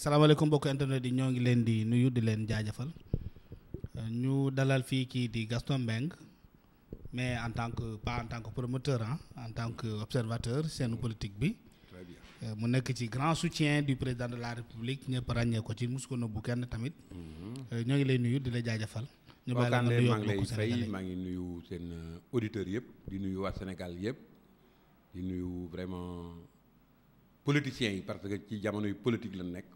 salaamaaleykum mbokk internet yi ñoo ngi leen di nuyu di leen jaajëfal ñu dalal fii kii di Gaston Mbengue mais en tant que pas en tant que promoteur en tant que observateur seen politique bi. Euh, mu nekk ci grand soutien du président de la république ñëpp ràññee ko ci mos bu kenn tamit. Mhm. Euh, ñoo ngi lay nuyu di la jaajëfal. ñu bàyyi la nga nuyoo mbokku Sénégalais maa ngi nuyu seen euh, auditeurs yëpp di nuyu waa Sénégal yëpp di nuyu vraiment politiciens yi parce que ci jamonoy politique la nekk.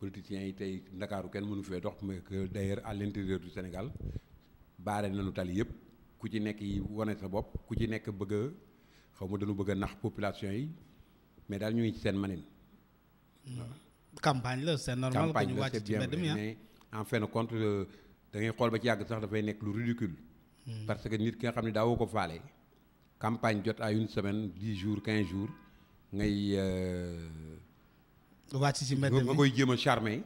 politiciens yi tey ndakaaru kenn mënu fee dox mais que d'ailleurs à l'intérieur du Sénégal baare nañu tali yëpp ku ci nekk yi wane sa bopp ku ci nekk bëgg a xaw ma dañu bëgg a nax population yi mais daal ñu ngi ci seen manin. Hmm. campagne la seen normal que ñu wàcc ci ah. mais en fin de compte euh, da ngay xool ba ci yàgg sax dafay nekk lu ridicule hmm. parce que nit ki nga xam ne daawoo ko faale. campagne jot à une semaine dix jours quinze jours ngay. Euh, wàcc ci mbedd mi nga koy jéem a charmer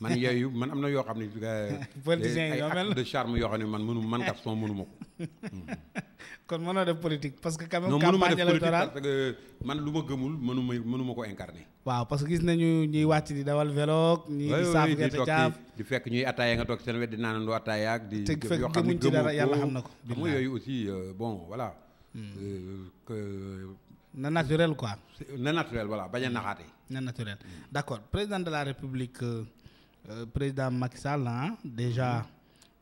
man yooyu man am na yoo xam ne. Euh, politiciens yi mel charme yoo xam ne man mënu man Gaston mënu ma ko. kon mënoo def politique parce que. quand même campagne électorale parce que man lu ma gëmul mënu ma ko incarner. waaw parce que gis nañu ñuy wàcc di dawal vélo. ñi di saaf gerte caaf di fekk ñuy attaaya nga toog seen wet di naanandoo attaaya ak. di te fekk gëmuñ ci dara yàlla xam na ko. xam nga yooyu aussi euh, bon voilà. Hmm. Euh, na naturel quoi. na naturel voilà bañ a hmm. naxaate. naturel d' accord président de la république euh, euh, président Macky Sall ah déjà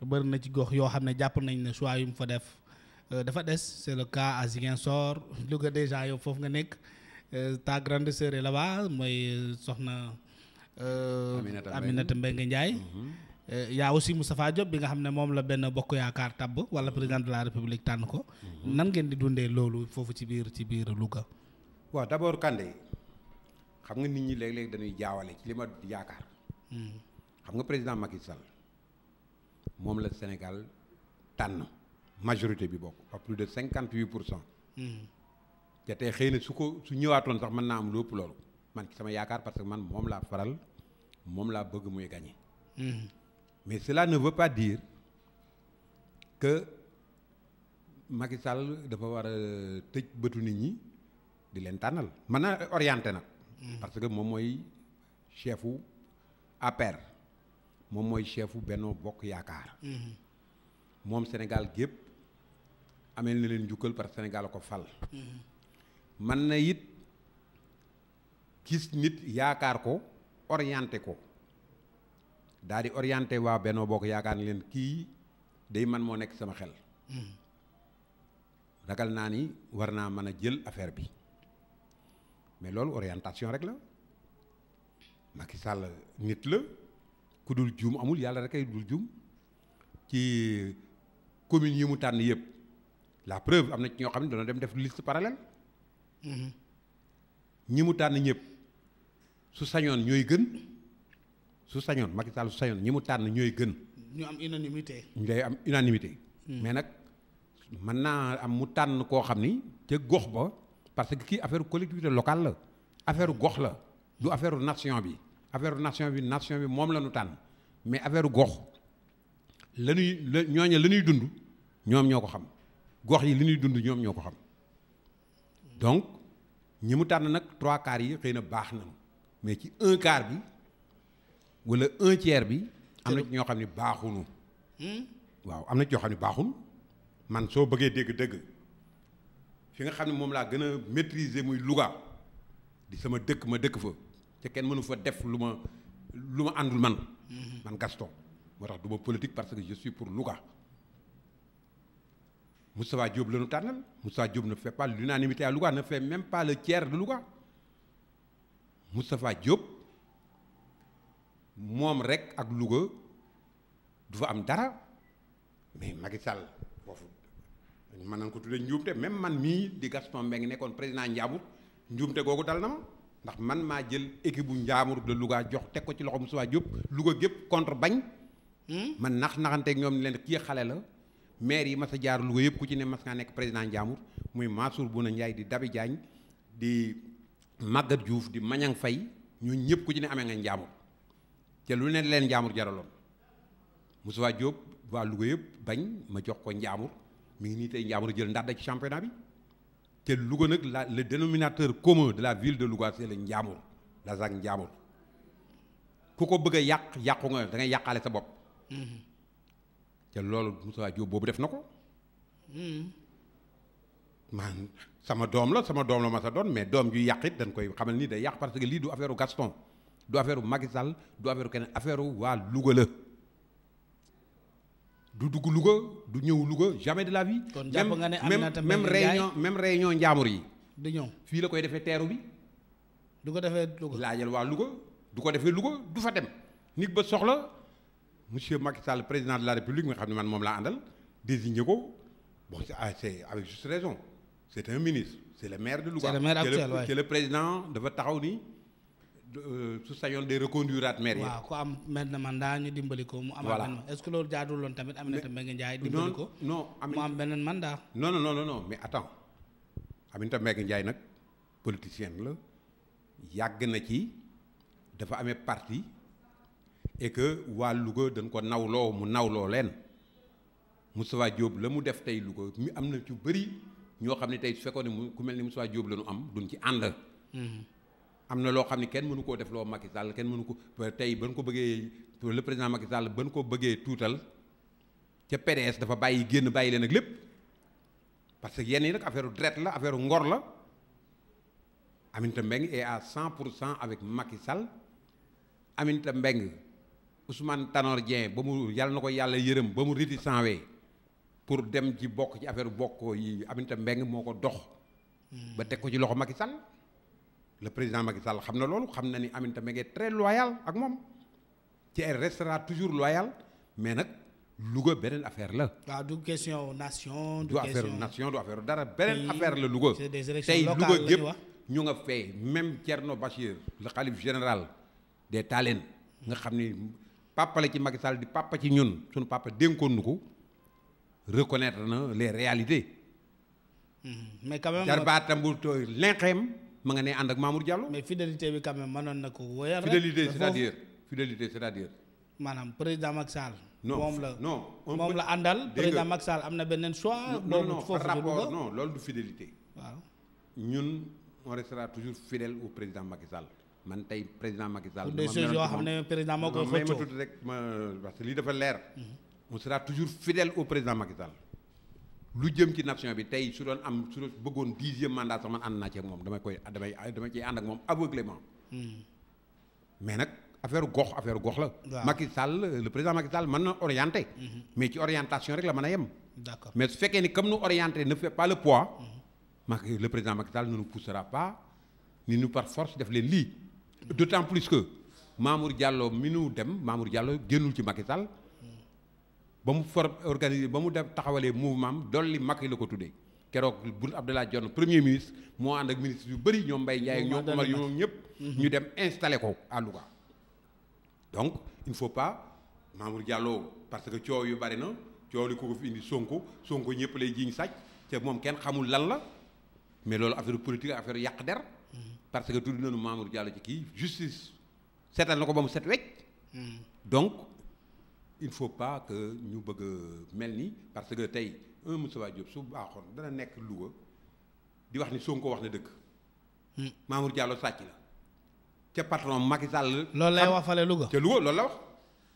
hmm. bëri na ci gox yoo xam ne jàpp nañ ne choix yu mu fa def euh, dafa des c' est le cas à Ziguinchor Louga déjà yow foofu nga nekk ta grande sœur là-bas mooy soxna. Aminata Mbengue Aminata Ndiaye. Hmm. Euh, yaa aussi Moustapha Diop bi nga xam ne moom la benn bokk yaakaar tabb wala président de la république tànn ko. Mhm. nan ngeen di dundee loolu foofu ci biir ci biir Louga. waa d' abord Kandé xam nga nit ñi léeg-léeg dañuy jaawale ci li ma yaakaar. Mhm. xam nga président Macky Sall moom la Sénégal tànn majorité bi bokk à plus de cinquante huit pour cent. Mhm. te tey xëy na su ko su ñëwaatoon sax mën naa am lu ëpp loolu man ci sama yaakaar parce que man moom laa faral moom laa bëgg muy gagné. mais cela la veut pas dire que Macky Sall dafa war a euh, tëj bëtu nit ñi di leen tànnal mën na orienté nag. Hmm. parce que moom mooy chefu APR moom mooy chefu Benno Bokk Yaakaar. Hmm. moom Sénégal gépp amee na leen njukkal parce que Sénégal ko fal. Hmm. mën na it gis nit yaakaar ko orienté ko. daa di orienté waa Benno Bokk Yaakaar ne leen kii day man moo nekk sama xel ragal naa ni war naa mën a jël affaire bi mais loolu orientation rek la Macky sàll nit la ku dul juum amul yàlla rek ay dul juum ci commune yi mu tànn yëpp la preuve am na ci ñoo xam ne dana dem def liste parallèle mhm. ñi mu tànn ñëpp su sañoon ñooy gën su sañoon Macky Sall su sañoon ñi mu tànn ñooy gën. ñu am unanimité. ñu day am unanimité. Hmm. mais nag mën naa am mu tànn koo xam ni ca gox ba parce que kii affaire collectivité local la affaire gox la lu affaire nation bi affaire nation bi nation bi moom la ñu tànn mais affaire gox la ñuy la dund ñoom ñoo ko xam gox yi li ñuy dund ñoom ñoo ko xam donc ñi mu tànn nag trois quarts yi xëy na baax na mais ci un quart bi. wala un tiers bi am na ñoo xam ne baaxunu hmm? waaw am na ci ñoo xam ne baaxul man soo bëggee dégg-dëgg fi nga xam ne moom laa gën a maîtriser muy Louga di sama dëkk ma dëkk fa te kenn mënu fa def lu ma lu ma àndul man hmm. man Gaston moo tax du ma politique parce que je pour Louga Moustapha Diop la ñu tànnal Moustapha Diop ne fait pas l'unanimité à Louga ne fait même pas le tiers de Louga moom rek ak Louga du fa am dara mais Macky foofu mën nañ ko tuddee njuumte même man mii di Gaston ngi nekkoon président Ndiambour njuumte googu dal na ma ndax man maa jël équipe bu Ndiambour de Louga jox teg ko ci loxo Moussa Diop Louga gépp contre bañ. Hmm? man nax naxanteeg ñoom leen kii xale la maire yi ma a jaar Louga yëpp ku ci ne mas ngaa nekk président Ndiambour muy bu Bouna Ndiaye di Dabi Diagne di Maguette Diouf di Mañang Faye ñooñu ñëpp ku ci ne amee nga Ndiambour. te lu ne leen njaamur jaraloon Moussa Diop waa Louga yëpp bañ ma jox ko njaamur mu ngi nii tey njaamur jël ndàdda ci championnat bi te Louga nag la le dénominateur commun de la ville de Louga c'est le njaamur la ZAC njaamur ku ko bëgg a yàq yàqu nga da ngay yàqaale sa bopp. Mm-hmm. te loolu Moussa Diop boobu def na ko. Mm-hmm. man sama doom la sama doom la ma sa doon mais doom ju yàq dan koy xamal ni day yàq parce que lii du affaire Gaston. du affaire Macky Sall du affaire keneen affaire waa Louga la du dugg Louga du ñëw Louga jamais de la vie. kon jàpp nga ne Aminata même réunion même réunion njaamur yi. du ñëw fii la koy defee teeru bi. du ko defee Louga laajal waa Louga du ko defee Louga du fa dem. nit ba soxla monsieur Macky Sall président de la République nga xam ne man moom laa àndal désigné ko bon c'est ah, avec juste raison c'est un ministre c'est le maire de Louga. c'est c'est le président dafa taxaw ni. Euh, su sañoon day reconduiraat maire yi. waaw ko am maire na man daa ñu dimbali ko. mu am a est-ce que loolu jaadul loon tamit Aminata Mbengue Ndiaye. dimbali ko non non mu am beneen mandat. non non non non mais attends aminta Mbengue Ndiaye nag politicienne la yàgg na ci dafa amee parti et que waa Louga dañ ko nawloo mu nawloo leen Moustapha jóob la mu def tey Louga mi am na ci bëri ñoo xam ne tey su fekkoon ne mu ku mel ni Moustapha jóob la ñu am duñ ci ànd. Mhm. am na loo xam ne kenn mënu koo def loo Macky Sall kenn mënu ko tey ban ko bëggee le président Macky Sall ban ko bëggee tuutal ca PDS dafa bàyyi génn bàyyi leen ak lépp parce que yenn yi nag affaire dret la affaire ngor la Aminata Mbengue est à cent pour cent avec Macky Sall Aminata Mbengue Ousmane Tanor Dieng ba mu yàlla na ko yàlla yërëm ba mu riti sanwee pour dem ci bokk ci affaire bokk yi Aminata Mbengue moo ko dox hmm. ba teg ko ci loxo Macky Sall le président Macky Sall xam na loolu xam na ni Aminata Mbengue est très loyal ak moom ci elle restera toujours loyal mais nag Louga beneen affaire la. waaw du question nation. du affaire nation du affaire dara beneen affaire la Louga. c'est des élections tey Louga gépp ñu nga fay même Thierno Bachir la khalife général des Talen nga xam ni papa ci Macky Sall di papa ci ñun sunu papa dénkoon nu ko reconnaître na les réalités. Hmm, mais quand même tooy lenqeem ma nga ne ànd ak Mamour Diallo. mais fidélité bi quand même mënoon na ko wóyal rek. fidélité c'est-à-dire fidélité c'est-à-dire. maanaam président Macky Sall. non la non moom la àndal. président am na beneen choix. non non par rapport loolu du fidélité. waaw ñun on restera toujours fidèle au président Macky Sall. man tey président Macky Sall. des xam ne président moo koy xëccoo may ma tudd rek ma parce dafa leer. Mhm. on sera toujours fidèle au président Macky lu jëm ci nation bi tey su doon am su doon bëggoon dixième mandat sax man ànd naa ci ak moom damay koy damay damay ciy ànd ak moom aveuglément hmm. mais nag affaire gox affaire gox la Macky Sall le président Macky Sall mën na orienté hmm. mais ci orientation rek la mën a yem d'accord mais su fekkee ni comme nous orienter ne fait pas le poids hmm. Macky le président Macky nu ne nous pas ni nu par force def leen lii d'autant plus que Mamour Diallo mi nu dem Mamour Diallo génnul ci Macky ba mu for organisé ba mu dem taxawalee mouvement am dolli yi la ko tuddee keroog Boun Abdallah Dionne premier ministre moo ànd ak ministre yu bëri ñoom Mbaye Ndiaye ñoo ñoom Omar ñoom ñëpp ñu dem installé ko à Louga donc il faut pas Mamour jàlloo parce que coow yu bari na coow li ko ko fi indi Sonko Sonko ñëpp lay jiiñ sàcc te moom kenn xamul lan la mais loolu affaire politique affaire yàq der parce que tudd nañu Mamour Diallo ci kii justice setal na ko ba mu set wecc mm. donc il faut pas que ñu bëgg mel nii parce que tey un Moustapha Diop su baaxoon dana nekk Louga di wax ni Sonko wax na dëgg. Hmm. Mamour Diallo sàcc la. ca patron Macky Sall. loolu lay wax fale Louga ca Louga loolu la wax.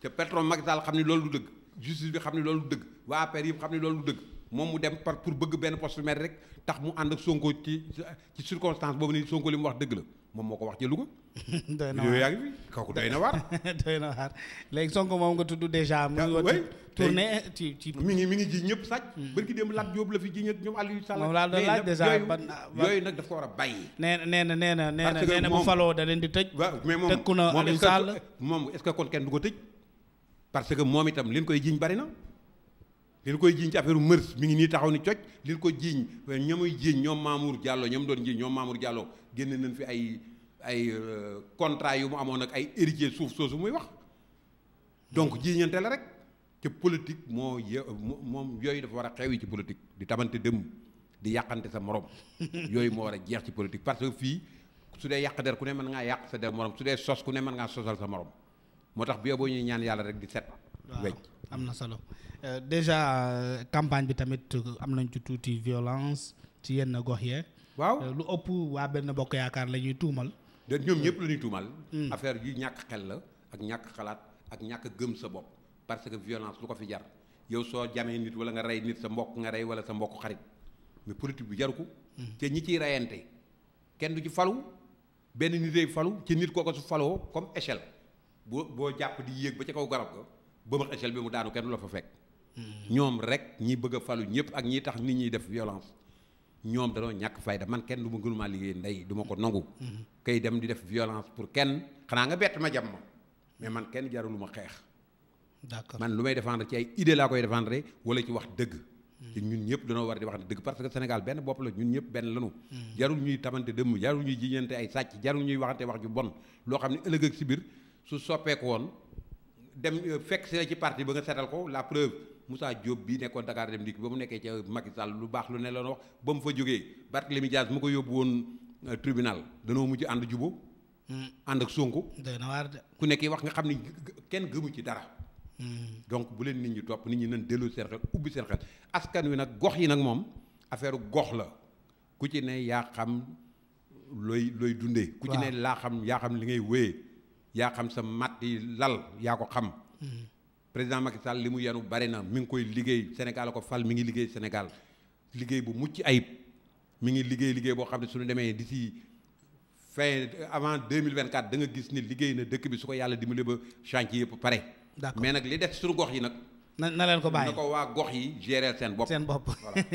ca patron Macky xam ni loolu du dëgg justice bi xam ni loolu du dëgg waa APR yëpp xam ni loolu du dëgg moom mu dem par pour bëgg benn poste maire rek tax mu ànd ak Sonko ci ci circonstance boobu ni Sonko li mu wax dëgg la moom moo ko wax ca Louga. doy na waar yaa kooku doy na waar. na léegi Sonko moom nga tudd déjà. mu ah, ngi woon tournée ci ci. mi ngi mi ngi ji ñëpp sàcc. barki dem Lat Diop la fi ji ñëpp ñoom Aliou Sall. moom laa doon laaj déjà ah, ban yooyu nag daf ko nee na nee na nee na na bu faloo da leen di tëj. waaw mais moom tëkku na Aliou Sall moom est-ce que kon kenn du ko tëj. parce que moom itam leen koy jiiñ bari na. leen koy jiiñ ci affaire mërs mi ngi nii taxaw ni coj leen ko jiiñ ñamuy jiiñ ñoom Mamour jàlloo ñoom doon jiiñ ñoom Mamour Diallo génne nañ fi ay ay euh, contrat yu mu amoon ak ay héritier suuf soosu muy wax donc jiiñante la rek te politique moo yo moom yooyu dafa war a xew yi ci politique di tabante dëmm di yàqante sa moroom yooyu moo war a jeex ci politique parce que fii su dee yàq der ku ne mën ngaa yàq sa der morom su dee sos ku ne mën ngaa sosal sa morom moo tax bi boo ñuy ñaan yàlla rek di set wecc am na solo euh, déjà euh, campagne bi tamit am nañ ci tuuti violence ci yenn gox yee waaw lu ëpp waa ben bokk yaakaar la ñuy tuumal da ñoom ñëpp la ñuy tuumal. Hmm. affaire yu ñàkk xel la ak ñàkk xalaat ak ñàkk gëm sa bopp parce que violence lu ko fi jar yow soo jamee nit wala nga rey nit sa mbokk nga rey wala sa mbokk xarit mais politique bi jaru ko. Hmm. te ñi ciy reyante kenn du ci falu benn nit day falu ci nit kooku su faloo comme échelle boo boo jàpp di yéeg ba ca kaw garab ga ba mu bi mu daanu kenn du la fa fekk. Hmm. ñoom rek ñi bëgg a falu ñëpp ak ñi tax nit ñi def violence. ñoom danoo ñàkk fayda man kenn du ma gënumaa liggéey ndey du ma ko nangu kay dem di def violence pour kenn xanaa nga bett ma jam ma mais man kenn jarul ma xeex d'accord man lu may défendre ci ay idée laa koy défendre wala ci wax dëgg te ñun ñëpp danoo war di wax dëgg parce que Sénégal benn bopp la ñun ñëpp benn lanu hmm. jarul ñuy tamante dëmm jarul ñuy jiñante ay sàcc jarul ñuy waxante wax ju bon loo xam ne ëllëg ak si biir su soppeeku woon dem euh, fekk si la ci parti ko la Moussa jóob bi nekkoon dakaar dem dikk ba mu nekkee ca Macky Sall lu baax lu ne la wax ba mu fa jógee mi Dias mu ko yóbbu woon euh, tribunal danoo mujj ànd jubo hmm. ànd ak Sonko. ku nekk wax nga xam ni kenn gëmu ci dara. Hmm. donc bu leen nit ñi topp nit ñi nañ dellu seen xel ubbi seen xel askan wi nag gox yi nag moom affaire gox la ku ci ne yaa xam looy looy dundee. ku ci ne laa xam yaa xam li ngay wéyee yaa xam sa matt yi lal yaa ko xam. Hmm. président Macky Sall li mu yenu bari na mi ngi koy liggéey Sénégal ko fal mi ngi liggéey Sénégal liggéey bu mucc ayib mi ngi liggéey liggéey boo xam ne suñu demee di si fin avant mille 2024 da nga gis ni liggéey na dëkk bi su ko yàlla dimbali ba chantier yëpp pare. d'accord mais nag li def suñu gox yi nag. na na ko bàyyi na ko waa gox yi gérer seen bopp. seen bopp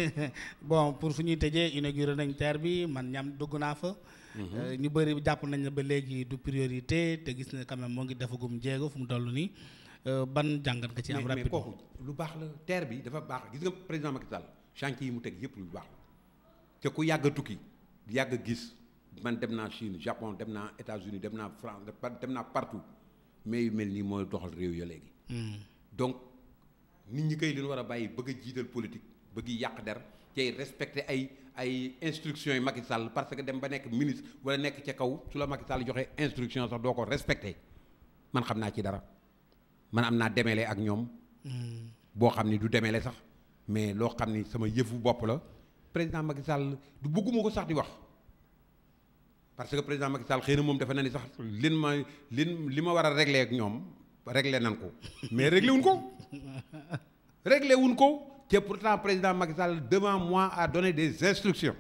bon pour fu ñuy tëjee inauguré nañ terre bi man ñam dugg naa fa. Mhm. Euh, ñu bëri jàpp nañ na ba léegi du priorité te gis na quand même moo ngi defagum jéego fu mu toll nii. Euh, ban jàngat nga ci am. rapide mais kooku lu baax la terre bi dafa baax gis nga président Macky Sall chantier yi mu teg yëpp lu baax la te ku yàgg a tukki yàgg a gis man dem naa Chine Japon dem naa États-Unis dem naa France dem naa partout mais yu mel nii mooy doxal réew ya léegi. Hmm. donc nit ñi koy leen war a bàyyi bëgg a jiital politique bëgg yàq der cay respecté ay ay instructions yi Macky parce que dem ba nekk ministre wala nekk ca kaw su la Macky Sall joxe instruction sax doo ko respecté man xam naa ci dara. man am naa demele ak ñoom. boo xam ni du demele sax mais loo xam ni sama yëfu bopp la président Macky Sall du bëgguma ko sax di wax. parce que président Macky Sall xëy na moom dafa na ni sax lin ma lin li ma war a réglé ak ñoom réglé nan ko mais réglé wuñ ko réglé wuñ ko te pourtant président Macky Sall devant moi a donné des instructions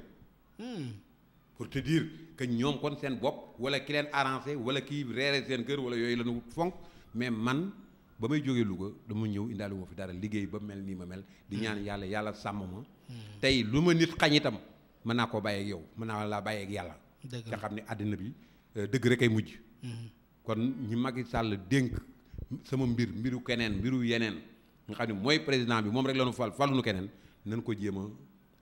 pour te dire que ñoom kon seen bopp wala ki leen arrangé wala kii reere seen kër wala yooyu la ñu fonk mais man ba may jógee Louga dama ñëw indaale wu fi dara liggéey ba mel nii ma mel. di ñaan yàlla yàlla sàmm ma. Hmm. tey lu ma nit xañ itam mën naa koo bàyyeeg yow mën naa laa bàyyeeg yàlla. dëgg nga xam ne àddina bi euh, dëgg rek ay mujj. Hmm. kon ñi Macky Sall dénk sama mbir mbiru keneen mbiru yeneen nga xam ne mooy président bi moom rek la ñu fal faluñu keneen nan ko jéema a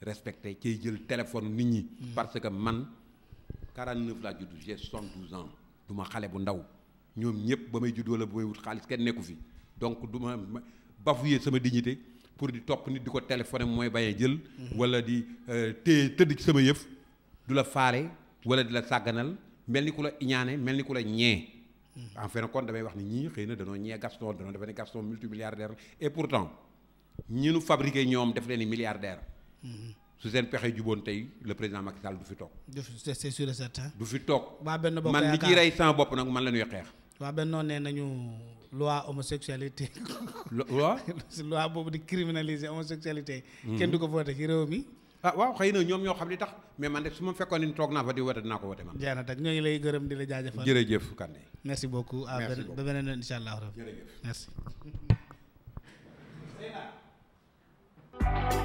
respecté cay jël téléphone nit ñi. Hmm. parce que man 49 laa judd j'ai 72 ans du xale bu ndaw. ñoom ñëpp ba may judd wala ba may wut xaalis kenn nekku fi donc du ma bafouer sama dignité pour di topp nit di ko téléphoné mooy bañ jël. Mhm. wala di euh, te tëdd ci sama yëf du la faale wala di la sàgganal mel ni ku la iñaane mel ni ku la ñee. Mhm. en fin de compte damay wax ni ñii xëy na danoo ñee Gaston danoo defe ne Gaston multimilliardaire et pourtant ñi nu fabriqué ñoom daf leen milliardaire. Mhm. su seen pexe juboon tey le président Macky Sall du fi toog. du fi c'est fi toog. waa benn bokk man li ciy rey sama nag man la ñuy xeex. waa Benno nee nañu loi homosexualité. loi loi boobu di criminaliser homosexualité. kenn di ko voté ci réew mi. ah waaw xëy na ñoom ñoo xam li tax mais man de su ma fekkoon ni toog naa fa di wote dinaa ko wote man. jeex na tak ñoo lay gërëm di la jaajëfal jërëjëf Kandé. merci beaucoup ah ba beneen yoon incha allah. jërëjëf